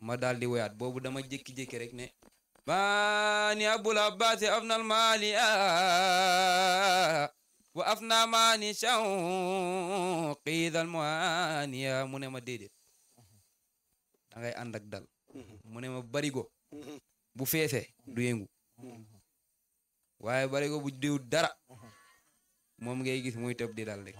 ma daal di woyaat boobu dama jékki-jékki rek ne maani abul abbasi afnal maali ah, wa afna maani shawqidal muaniya mu ne ma déedéet da ngay dal mu ma barigo bu feesee du yëngu waaye barigo bu diw dara moom ngay gis muy tëb dal rek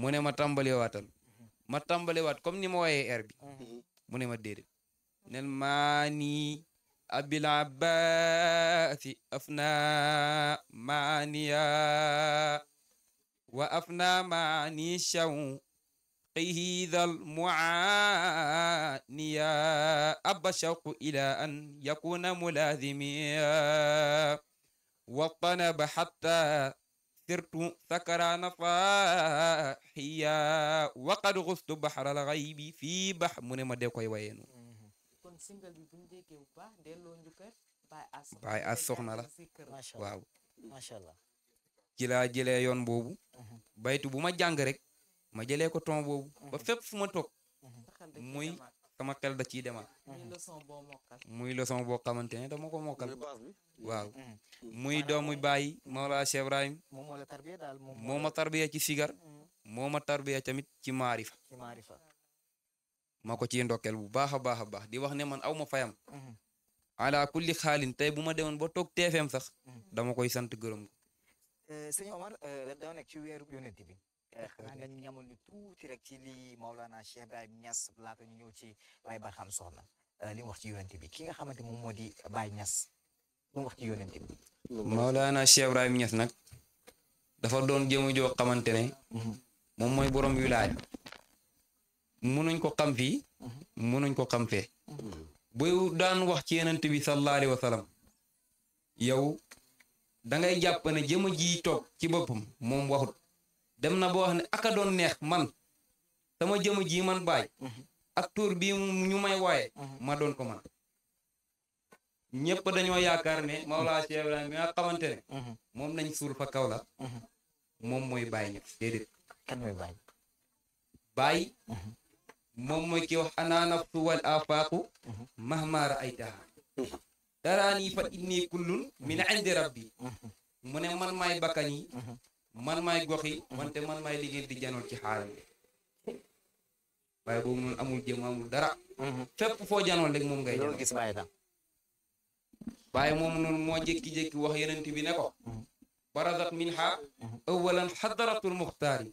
mu ne ma tàmbali ma wat comme ni ma waye air bi mu ne ma dede nel maani abil abbaasi afna maniya wa afna maani shaw قيهذا muaniya abba الشوق ila an yakuna mulazimiya وطنب حتى سرت سكران فاحيا وقد غصت بحر الغيب في بحر mu ne ma dee koy wayee noonu. Mm-hmm. kon single bi la waaw. yoon boobu. Mm-hmm. baytu bu ma jàng ma jëlee ko ton ba mm-hmm. fépp fu ma toog sama xel da ciy demaat. muy leçon boo mokkal. muy leçon boo xamante ne dama ko mokkal. waaw mm-hmm. muy doomu Baye Mawla Cheikh Ibrahim. moom moo la tarbiya daal moom ma tarbiya ci sigar. Mm-hmm. moo a tarbiya tamit ci maarifa. ci maarifa. ma ko ciy ndokkeel bu baxa a baax a baax di wax ne man aw ma fayam. Mm-hmm. ala kulli xaalin tey bu ma demoon ba toog TFM sax. dama koy sant gërëm ko. Euh, sëñ Omar euh, dañoo nekk ci weeru yonent Eh, xanaa nga ñamal ñu tuuti rek ci li Maulana Cheikh Ibrahim Niass laata ñu ñëw ci Baye eh, li mu wax ci bi ki nga xamante moom moo di Baye Niass lu mu wax ci yonent bi. Maulana nag dafa doon jëmu joo xamante ne. Mhm. moom mooy borom wilaaya mënuñ ko xam fii mënuñ mhm. ko xam fee mhm. bu daan wax ci yonent bi sallallahu alayhi wa sallam yow da ngay jàpp toog ci boppam moom waxut dem na boo wax ne aka doon neex man sama jëmm ji man baaj mhm. ak tuur bii ñu may waaye mhm. ma doon ko man ñëpp dañoo yaakaar ne Mawlaa Cheikh Ibrahima bi nga xamante ne mhm. moom nañ suul fa kaw moom mooy baay ñëpp déedéet baay moom mooy ki wax ana nafsu wal afaaqu mahma raaytaha daraani fa inni kullun min indi rabbi mu ne man maay bakkan yi man maay gox yi wante man maay liggéey di janool ci xaaral bi waaye boobu noonu amul jëm amul dara mhm. fépp foo janool rek moom ngay janool gis bàyyi tam waaye moom noonu moo jékki-jékki wax yenent bi ne ko mhm. baradat minha mhm. awalan xadaratul muxtaari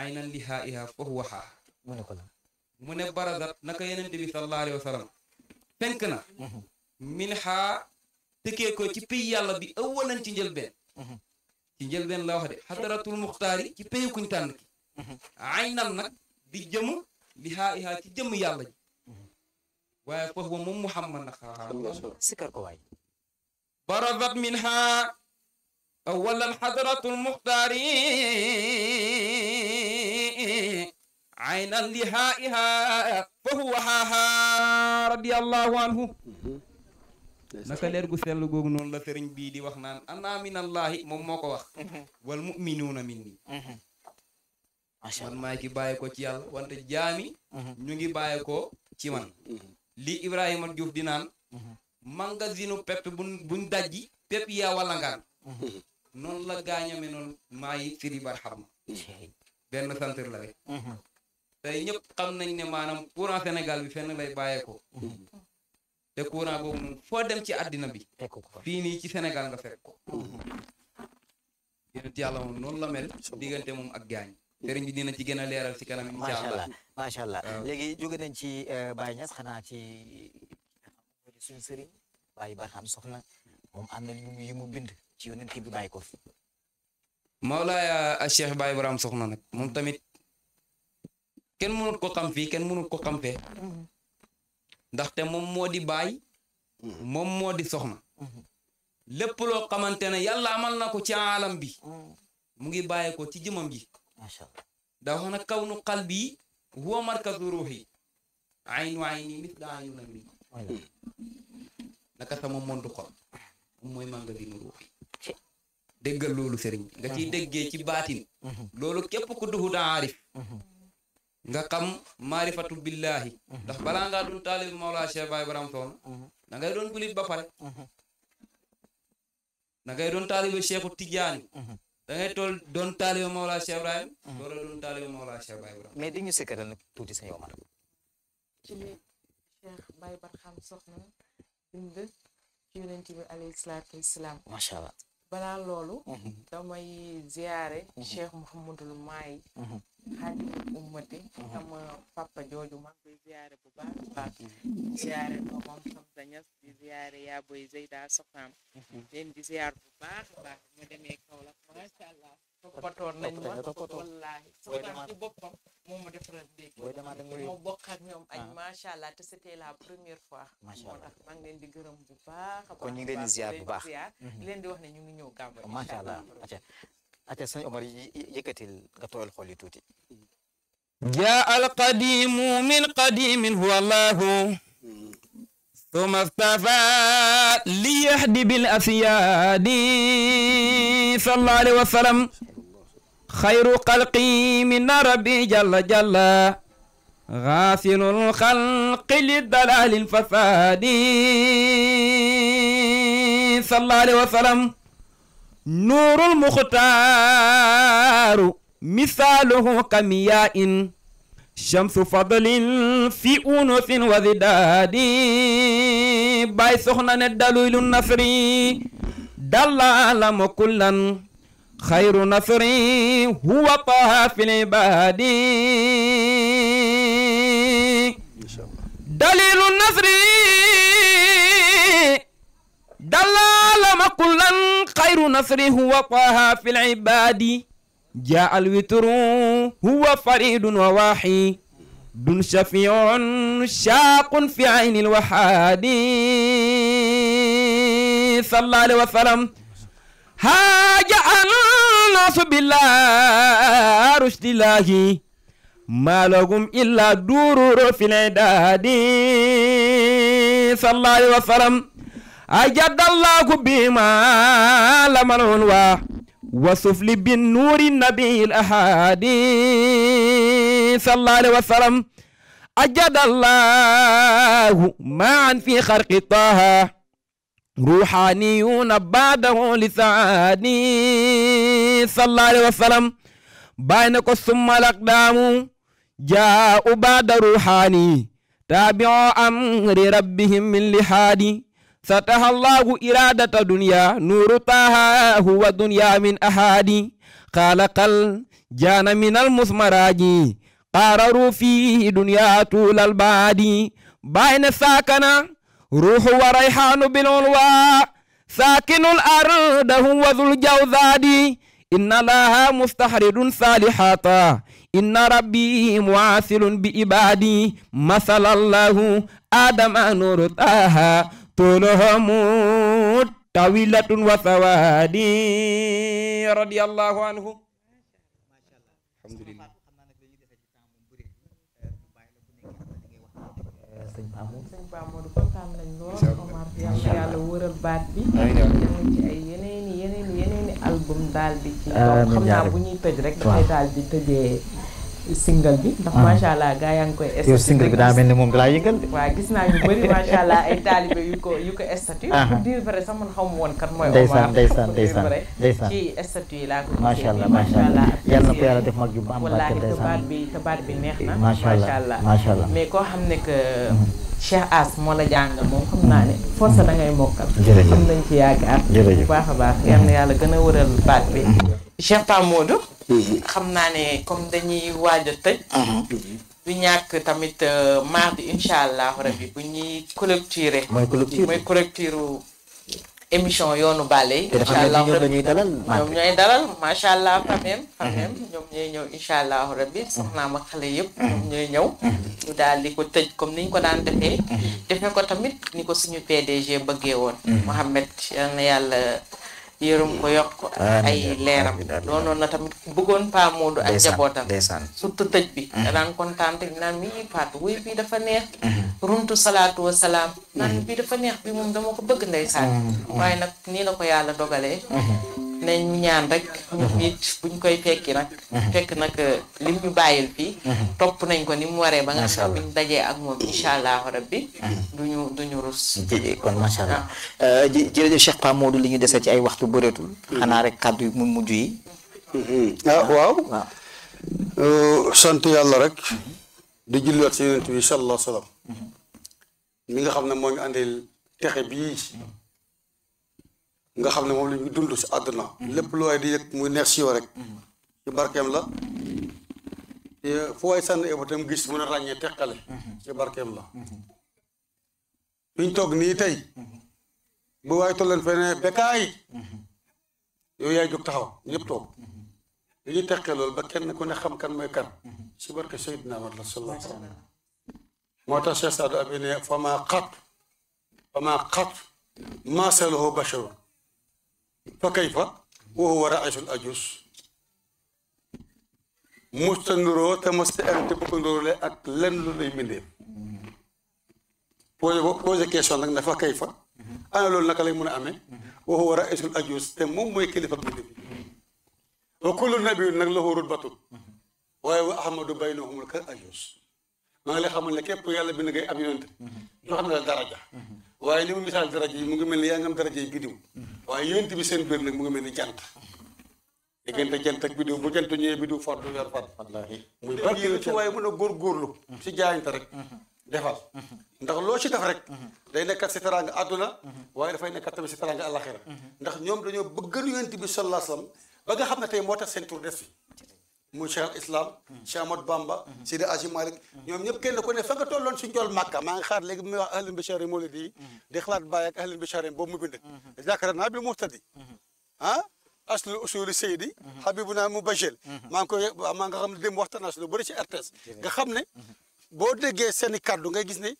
aynan lihaa iha foofu waxaa mu ne baradat naka yenent bi sallallahu alayhi wa sallam fenk na minha tëkkee ko ci pay yàlla bi awalan ci njëlbeen ci njëlbeen la wax de xadaratul mukhtari ci péyu kuñ tànn ki ay nan nag di jëm li ci jëm yàlla ji waaye foofu ba moom muhammad na xaaxaa sikar ko waay baradat min haa awalan xadaratul muxtaari aynan li xaa i xaa radiyallahu anhu naka leer gu sell googu noonu la sëriñ bii di wax naan ana minallaahi moom moo ko wax mhm. wal muminuuna min nii mhm. man maa ngi bàyyi ko ci yàlla wante jaami mhm. ñu ngi bàyyi ko ci man lii Ibrahima Diouf di naan magasinu pepp buñ buñ dajji pepp yaa walangaan noonu la gaañame noonu maa yi siri bar xam benn centre la rek tey ñëpp xam nañ ne maanaam courant Sénégal bi fenn lay bàyyeekoo te courant boobu noonu foo dem ci àddina bi. fii nii ci Sénégal nga fekk ko. yonent yàlla moom noonu la diggante moom ak gaañ. sëriñ bi dina ci gën a leeral si kanam. incha allah macha allah léegi jóge nañ ci euh, Baye xanaa ci suñu sëriñ Baye Barham Soxna moom am na yu ci yonent bi bàyyi ko fi. Mawlaaya Cheikh Baye Barham Soxna nag moom tamit kenn mënut ko xam fii kenn mënut ko xam fee. Mm-hmm. ndaxte moom moo di baay mm-hmm. moom moo di soxna mm-hmm. lépp loo xamante ne yàlla amal na ko ci alam bi mm-hmm. mu ngi bàyyi ko ci jëmam ji daa wax na kaw nu bi huwa markazu ruuxi aynu ayni misla aynu namri naka sama loolu sëriñ bi nga ciy déggee ci baatin loolu képp ku duhu daa arif nga xam maarifatu billaahi ndax balaa ngaa doon taalib Mawlaa Cheikh Baye Baram Toon mhm. da ngay doon julit ba pare mhm. da ngay doon taalibe Cheikhu Tidiane mhm. da tool doon taalibe Mawlaa Cheikh Ibrahim doora doon taalibe Mawlaa Cheikh nag tuuti sa yomar balaa loolu damay ziyaare Cheikh Mouhamadul Maay xaajuma ummati sama papa jooju maa ziyaare bu baax a baax ziyaare doomam sam dañas di ziyaare soxnaam mhm. a baax masha Allah toppatoon nañ ma soo soxnaam ci boppam moom o defaral ndékki ma bokk ak ñoom añ ah. masha Allah te c'était la première fois moo tax maa ngi leen di gërëm bu baax a baax kon ñu ngi leen ziyaar bu baax mhm. leen di wax ñu ngi ñëw gàmmu masha ate sañ omar yëkkatil nga tooyal جاء القديم من قديم هو الله ثم اختفى ليهدي بالأفياد صلى الله عليه وسلم خير قلقي من ربي جل جل غافل الخلق للدلال الفساد صلى الله عليه وسلم nuurul muxtaaru misaaluhu kamiyaa in shamsu fadlin fi unusin wa zidaadi bay soxna dalilu nasri dallaalama kullan xayru nasri huwa taha fil ibaadi dalilu nasri دلالما كلا خير نصر هو طه في العباد جاء الوتر هو فريد وواحي دون شفيع شاق في عين الوحاد صلى الله عليه وسلم هاج الناس بالله رشد الله ما لهم إلا دور في العداد صلى الله عليه وسلم أجد الله بما و وصف لي بالنور النبي الأحادي صلى الله عليه وسلم أجد الله معا في خرق طه روحانيون بعده لسعادي صلى الله عليه وسلم بينك ثم الأقدام جاءوا بعد روحاني تابعوا أمر ربهم من لحادي فتح الله إرادة دنيا نور طه هو دنيا من أحادي قال قل جان من المثمراج قرروا فيه دنيا طول البعد بين ساكنا روح وريحان بالعلوى ساكن الأرض هو ذو الجوزاد إن لها مستحرد صالحات إن ربي معاثل بإبادي مثل الله آدم نور طه طولهم طويلة وسوادي رضي الله عنه الحمد لله sëñ Paa Modou kontaan nañ lool Omar yal baat bi ay yeneeni yeneeni album daal di ci xam naa bu ñuy tëj rek dafay daal di tëjee single bi. ndax ah. macha allah yaa ngi koy. estatu yow bi daa mel ni moom dalaa yëngal. waaw gis naa ñu bëri macha allah ay taalibe yu ko yu ko estatu. Ah. pour sa vrai sax man xamu woon kat mooy. Omar macha allah macha allah yal na ko yàlla def mag ju am barke ndeysaan tabaat bi tabaat bi neex na. macha allah macha allah mais koo xam ne que. Mm-hmm. Cheikh As moo la jàngal moom xam naa ne mm-hmm. force da ngay mokkal. jërëjëf xam nañ ci baax a baax yal na mm-hmm. yàlla gën a wëral baat bi. Cheikh Pa xam naa ne comme dañuy waaj a tëj. Mhm. du ñàkk tamit euh, mardi incha allahu rabi bu ñuy collecturé. mooy collecturé émission yoonu bàlle yi. incha allahu rabi ñoom dalal. ñoom ñooy mhm. ñoom ñooy ñëw incha allahu rabi mhm. soxnaam ak xale yëpp. ñoom ñooy ñëw. daal di ko tëj comme ni ko daan defee. defee ko tamit ni ko suñu PDG bëggee woon. Mouhamed yal na yàlla. yërëm ko yokk ay leeram doonoon na tamit bëggoon Pa Modou ak njabootam surtout tëj bi mm-hmm. danaan kontaan te naan mi Fatou wuy bii dafa neex mm-hmm. runtu salaatu wa mm-hmm. naan bii dafa neex bi moom dama ko bëgg ndeysaan waaye nag nii la ko yàlla dogalee nañ ñaan rek. ñun mhm. nit buñ koy fekki nag. Mhm. fekk nag euh, lim ñu bàyyil fii. Mhm. topp nañ ko ni mu waree ba nga xam buñ dajee ak moom incha allah rabbi. duñu duñu rus. jërëjëf kon macha allah ah. euh, jërëjëf Cheikh li ñu dese ci ay waxtu bëreetul. xanaa rek kàddu yu mu mujj yi. ah waaw. Euh, sant yàlla rek. di julliwaat si yonent bi wa sallam. mi nga xam ne moo ñu andil texe bii. nga xamne mom lañu la ñuy dund si àdduna lépp lo waay di yek muy neex ci yow rek ci barkem la te fu way san e botam gis mu na ràññee teqale ci barkem la fi ñu toog nii tey bu waay tolloon feneen bekkaay yow yaay jóg taxaw ñep tok li ñu teqee lol ba kenn ku ne xam kan moy kan ci barke Seydina Muhammad sallallahu alaihi wasallam mota moo tax Cheikh Saadu Abi fama qat maa xat fa maa xat فكيف وهو رئيس الأجوس مستنرو تمس أنت بكندور لك لن لي من دم بوزي بوزي كيسون لك نفا كيف أنا لول لك لي من أمي وهو رئيس الأجوس تمم مي كلفة من دم وكل نبي لك له رتبة ويو أحمد بينهم لك أجوس ما لي حمل لك يبقى يالبي نجي أمي أنت نحن للدرجة waaye li mu misaal daraja yi mu ngi mel ni yaa ngi am daraja yi biddiw waaye yonent bi seen biir nag mu ngi mel ni jant diggante jant ak biddiw bu jant ñëwee biddiw far du yor far wallaahi muy barkeel ci waaye mën a góor góorgóorlu si jaayante rek defal ndax loo ci def rek day nekkat si teraanga àdduna waaye dafay nekkat tamit si teraanga àllaxira ndax ñoom dañoo bëggal yonent bi sallallahu alayhi wasallam ba nga xam ne tey moo tax seen tur des fi موسى الإسلام شامود بامبا سيد أسيم مالك يوم يبقى يبكي لو كنا فكرت لون سنجول مكة ما نخار لك ما أهل البشر مولدي دخلت بايك أهل البشر بوم مبند ذكر النبي مرتدي ها أصل أصول سيدي حبيبنا مبجل ما نكو ما نكو دم وقت الناس لو بريش أرتز كخمنة بودي جي سني كاردون جي جزني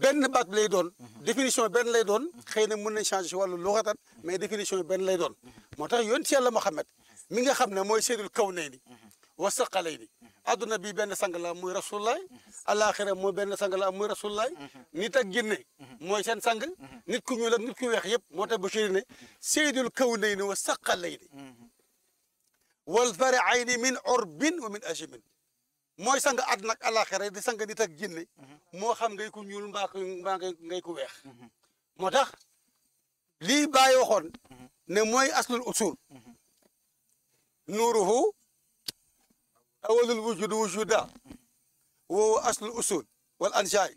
بن بات ليدون ديفينيشن بن ليدون خير من من يشانج شوال اللغة تن ما ديفينيشن بن ليدون ما ترى يوم تيالله محمد مين خمنة موي سيد الكونيني wasaqalayni adduna bi benn sang la muy rasulullaay alaxira mooy benn sang la muy rasulullaay nit ak jinne mooy seen sang nit ku ñuul ak nit ku weex yëpp moo tax Bachir ne seydul kawnayni wa saqalayni wal farayni min urbin wa min ajimin mooy sang àdduna ak alaxira di sang nit ak jinne moo xam ngay ku ñuul mbaa mbaa ngay ku weex moo tax lii bàyyi waxoon ne mooy aslul usul nuuruhu أول الوجود وجودا وهو أصل الأصول والأنشاء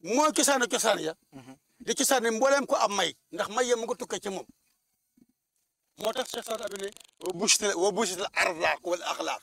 مو كسانة كسانة يا دي كسانة مبولم كو أم ماي نخ ماي يمكو تو كي موتا شخصات أبني وبوشت الأرضاق والأخلاق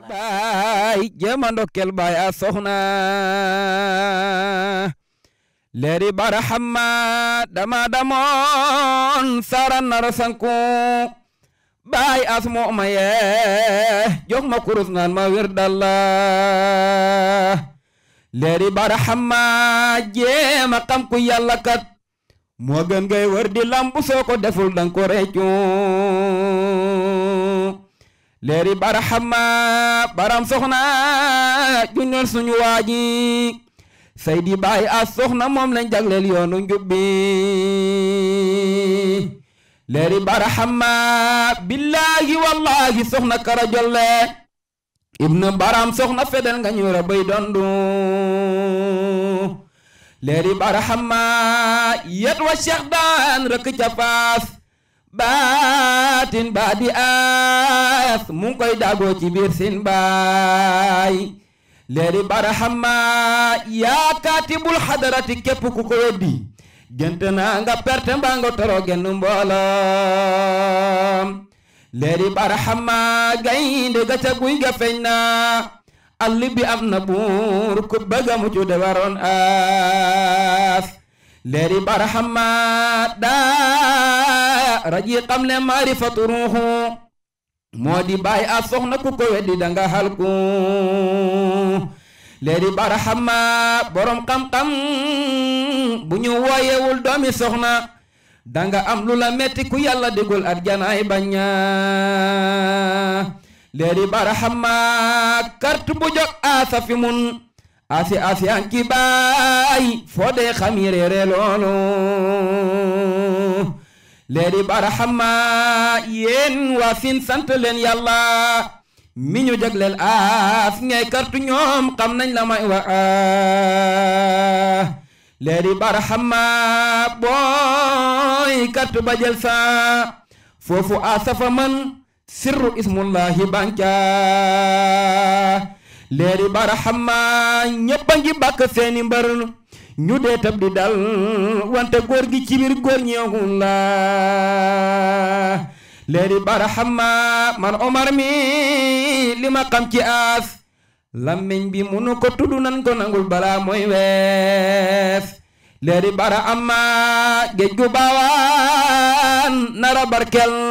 baay jéema ndokkel baay a soxna bara hamma dama damoon saran nara sanku baay as mo yee jox ma kurus naan ma wirdalla leeri bara hamma jéema xam ku yàlla kat moo gën ngay lambu soo ko deful dang ko reccu leeri bara xamma baram soxna junjol suñu waaji saydi baay a soxna moom lañ jagleel yoonu njub bi leeri bara xamma billaahi wallaahi soxna kara jolle ibnu baram soxna fedel nga ñu rabay dondu leeri bara xamma yet wa cheikh daan rëkk ca faas baatin ba di aas mu koy daagoo ci biir sin baay leeri yaa kaatibul xadarati képp ku ko weddi gént nga perte mbaa nga toro genn mbooloom leeri barahama gaynde ga guy ga feeñ na àll bi am na buur ku bëgg a mucc de waroon aas Leri da raji xam mari faturuhu ruuxu di a soxna ku ko weddi danga halku Leri barahama borom kam kam buñu ñu wooyewul doomi soxna danga am lula metti ku yàlla digul arjanaay baña leri barahama kartu bu jog asafimun afi afi anki bayi fode re lono leri barahama yen wa fin sant yalla yàlla mi ñu jagleel ngay kartu ñom xam nañ la may wa ah barahama boy kartu bajel jël sa foofu asafa man sirru ismullahi banca Leri barahama ñëpp bak seni bàkk seeni mbër ñu di dal wante gorgi gi ci biir Leri bara la man omar mi lima kam xam ci bi munu ko tudd nan ko nangul bara amma gejubawan gu nara barkel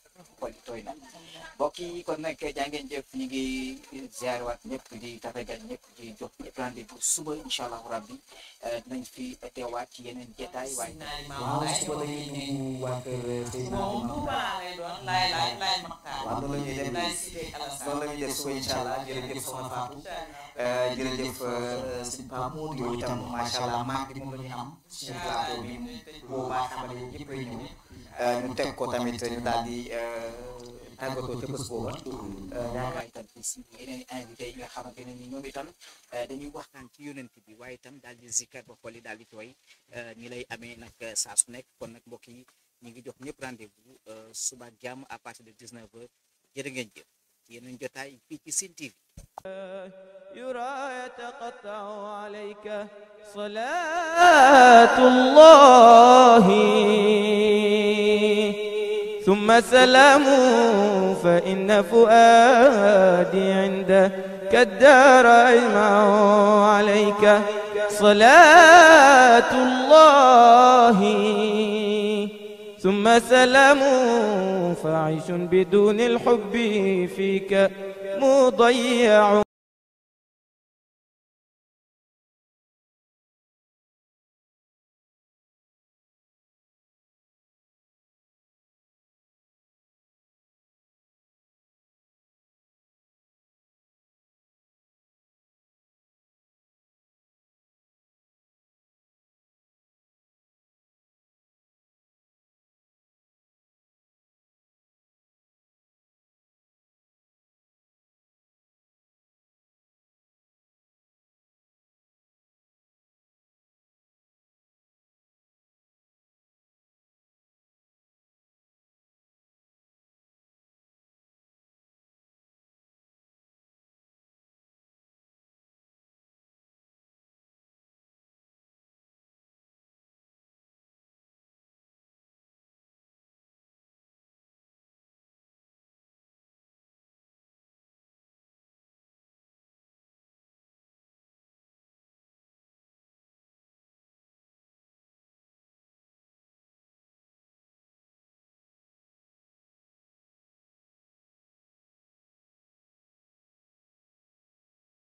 xool na mbokk yi kon nag jaa ngeen jëf ñu ngi ziarwaat ñëpp di tabagal ñëpp di jox ñëpp rendez-vous suba incha allahu rabbi dinañ fi teewaat ci yeneen jotaay waaye waaw suba la ñuy nuyu waa kër noonu la ñuy dem noonu la ñuy def suba incha allah jërëjëf soxna Fatou euh, jërëjëf euh, sëñ Pape Modou yow itam macha euh, teg ko tamit ñu daal di tàggatoo ca bés booba yaakaar si yeneen invité yi nga xamante ne ni ñoom itam ci daal di zikkar ba xol yi daal di tooy ñi lay amee nag saa su nekk kon nag mbokk yi ñu ngi jox ñëpp rendez-vous suba jàmm à partir de 19 heures jërë ngeen jëf yeneen jotaay fii ci Sine يرى يتقطع عليك صلاة الله ثم سلام فإن فؤادي عندك الدار أجمع عليك صلاة الله ثم سلام فعيش بدون الحب فيك مضيع